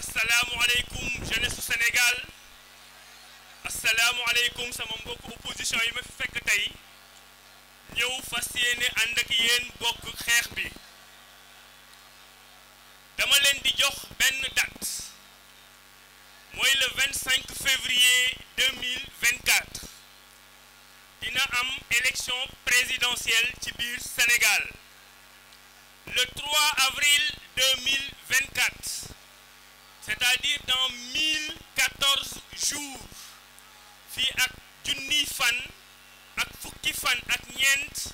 asalaamualeykum jeunesse su sama mbokk opposition yi ma fi fekk tey ñëw fas yéene ànd ak yéen bokk xeex bi dama leen di jox benn date mooy le 25 février 2024 dina am élection présidentielle ci biir Sénégal le 3 avril 2024 c'est-à-dire dans 1014 jours fii ak junniy fan ak fukki fan ak ñeent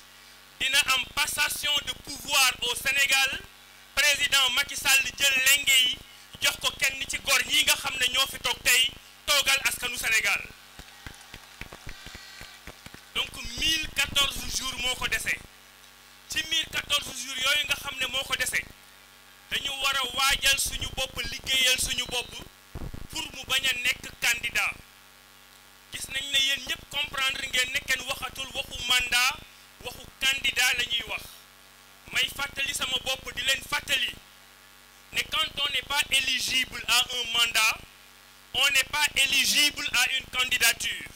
dina am passation de pouvoir au Sénégal président Macky Sall jël lenge yi jox ko kenn ci gor ñi nga xam ne ñoo fi toog tey toogal askanu Sénégal donc 1014 jours moo ko dese ci 1014 jours yooyu nga xam ne moo ko dese. dañu war a waajal suñu bopp liggéeyal suñu bopp pour mu bañ a nekk candidat gis nañ ne yéen ñëpp comprendre ngeen ne kenn waxatul waxu mandat waxu candidat la ñuy wax may fàttali sama bopp di leen fàttali ne quand on n'est pas éligible à un mandat on n'est pas éligible à une candidature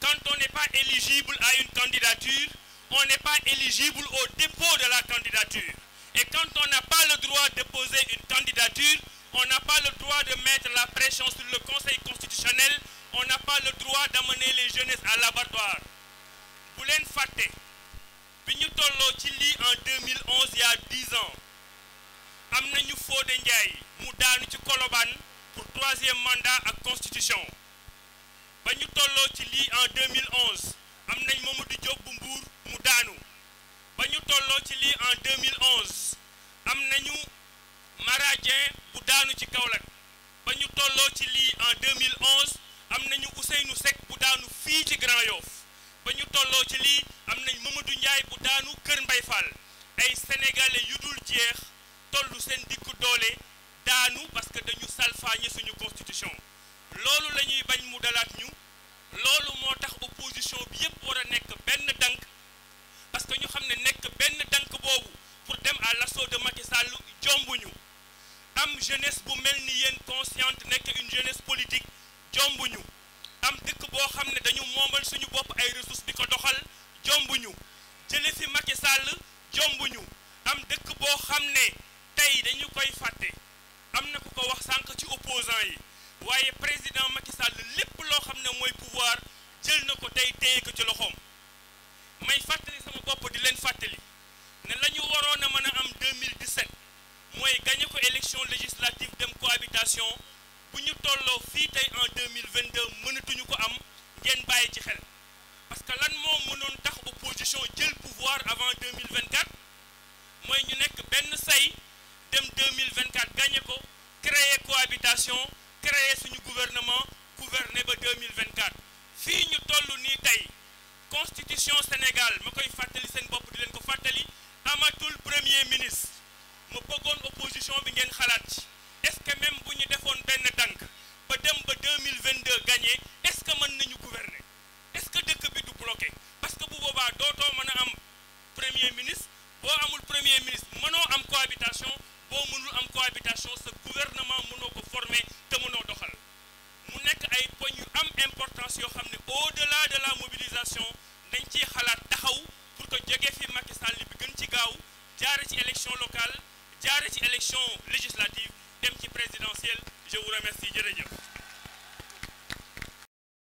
quand on n'est pas éligible à une candidature on n'est pas éligible au dépôt de la candidature Et quand on n'a pas le droit de poser une candidature, on n'a pas le droit de mettre la pression sur le Conseil constitutionnel, on n'a pas le droit d'amener les jeunesses à l'abattoir. bu leen fàtte bi ñu tolloo ci lii en 2011 il y a 10 ans am na nañu Fodé Ndiaye mu daanu ci Colobane pour troisième mandat ak constitution ba ñu tolloo ci lii en 2011 am nañ Mamadou Diop bu Mbour mu daanu ci lii en 2011 am nañu maradien bu daanu ci Kaolack ba ñu tolloo ci lii en 2011 am nañu Ousseynou Seck bu daanu fii ci Grand Yoff ba ñu tolloo ci lii am nañ Mamadou njaay bu daanu Kër Mbay Fall ay sénégalais yu dul jeex tollu seen dikku doole daanu parce que dañu salfaañe suñu constitution loolu la bañ mu dalaat jeunesse bu mel ni yéen consciente nekk une jeunesse politique jombuñu am dëkk boo xam ne dañu moomal suñu bopp ay ressources di ko doxal jombuñu jële fi Macky Sall ñu am dëkk boo xam ne tey dañu koy fàtte am na ku ko wax sànq ci opposant yi waaye président Macky Sall lépp loo xam ne mooy pouvoir jël na ko tey téye ko ci éducation bu ñu tolloo fii tey en 2022 mënatuñu ko am ngeen bàyyi ci xel parce que lan moom mënoon tax opposition jël pouvoir avant 2024 mooy ñu nekk benn say dem 2024 gagné ko créer cohabitation créer suñu gouvernement gouverner ba 2024 fii ñu toll nii tey constitution Sénégal ma koy fàttali seen bopp di leen ko fàttali amatul premier ministre ma bëggoon opposition bi ngeen xalaat ci ñu defoon benn dànk ba dem ba 2022 gagné est-ce que mën nañu gouverner est-ce que dëkk bi du bloqué parce que bu boobaa dootoo mën a am premier ministre boo amul premier ministre mënoo am cohabitation boo mënul am cohabitation sa gouvernement mënoo ko former te mënoo doxal mu nekk ay poñ yu am importance yoo xam ne au de la mobilisation dañ ciy xalaat taxaw pour que jóge fi Macky Sall bi gën ci gaaw jaare ci élection locale jaare ci élection législative dem ci présidentielle je vous remercie jërëjëf